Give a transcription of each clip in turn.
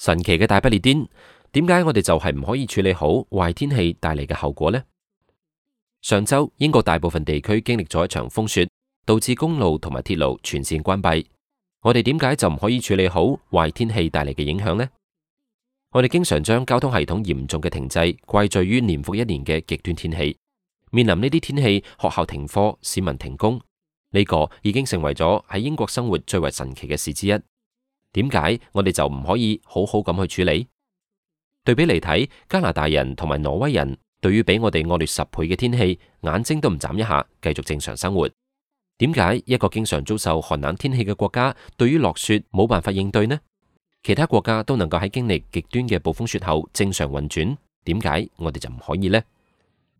神奇嘅大不列顛，點解我哋就係唔可以處理好壞天氣帶嚟嘅後果呢？上周英國大部分地區經歷咗一場風雪，導致公路同埋鐵路全線關閉。我哋點解就唔可以處理好壞天氣帶嚟嘅影響呢？我哋經常將交通系統嚴重嘅停滯怪罪於年復一年嘅極端天氣。面臨呢啲天氣，學校停課，市民停工，呢個已經成為咗喺英國生活最為神奇嘅事之一。點解我哋就唔可以好好咁去處理？對比嚟睇，加拿大人同埋挪威人對於比我哋惡劣十倍嘅天氣，眼睛都唔眨一下，繼續正常生活。點解一個經常遭受寒冷天氣嘅國家，對於落雪冇辦法應對呢？其他國家都能夠喺經歷極端嘅暴風雪後正常運轉，點解我哋就唔可以呢？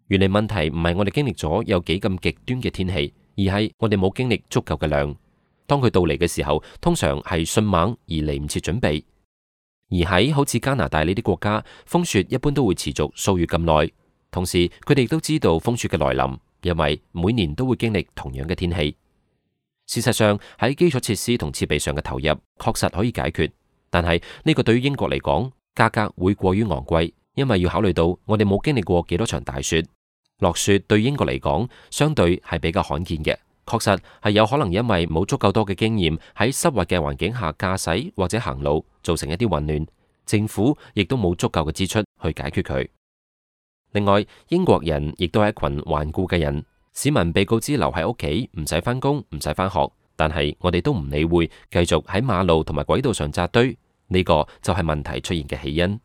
原嚟問題唔係我哋經歷咗有幾咁極端嘅天氣，而係我哋冇經歷足夠嘅量。當佢到嚟嘅時候，通常係迅猛而嚟唔切準備。而喺好似加拿大呢啲國家，風雪一般都會持續數月咁耐。同時，佢哋都知道風雪嘅來臨，因為每年都會經歷同樣嘅天氣。事實上，喺基礎設施同設備上嘅投入確實可以解決，但係呢個對於英國嚟講，價格會過於昂貴，因為要考慮到我哋冇經歷過幾多場大雪，落雪對英國嚟講相對係比較罕見嘅。確實係有可能因為冇足夠多嘅經驗喺濕滑嘅環境下駕駛或者行路，造成一啲混亂。政府亦都冇足夠嘅支出去解決佢。另外，英國人亦都係一群頑固嘅人。市民被告知留喺屋企，唔使返工，唔使返學，但係我哋都唔理會，繼續喺馬路同埋軌道上紮堆。呢個就係問題出現嘅起因。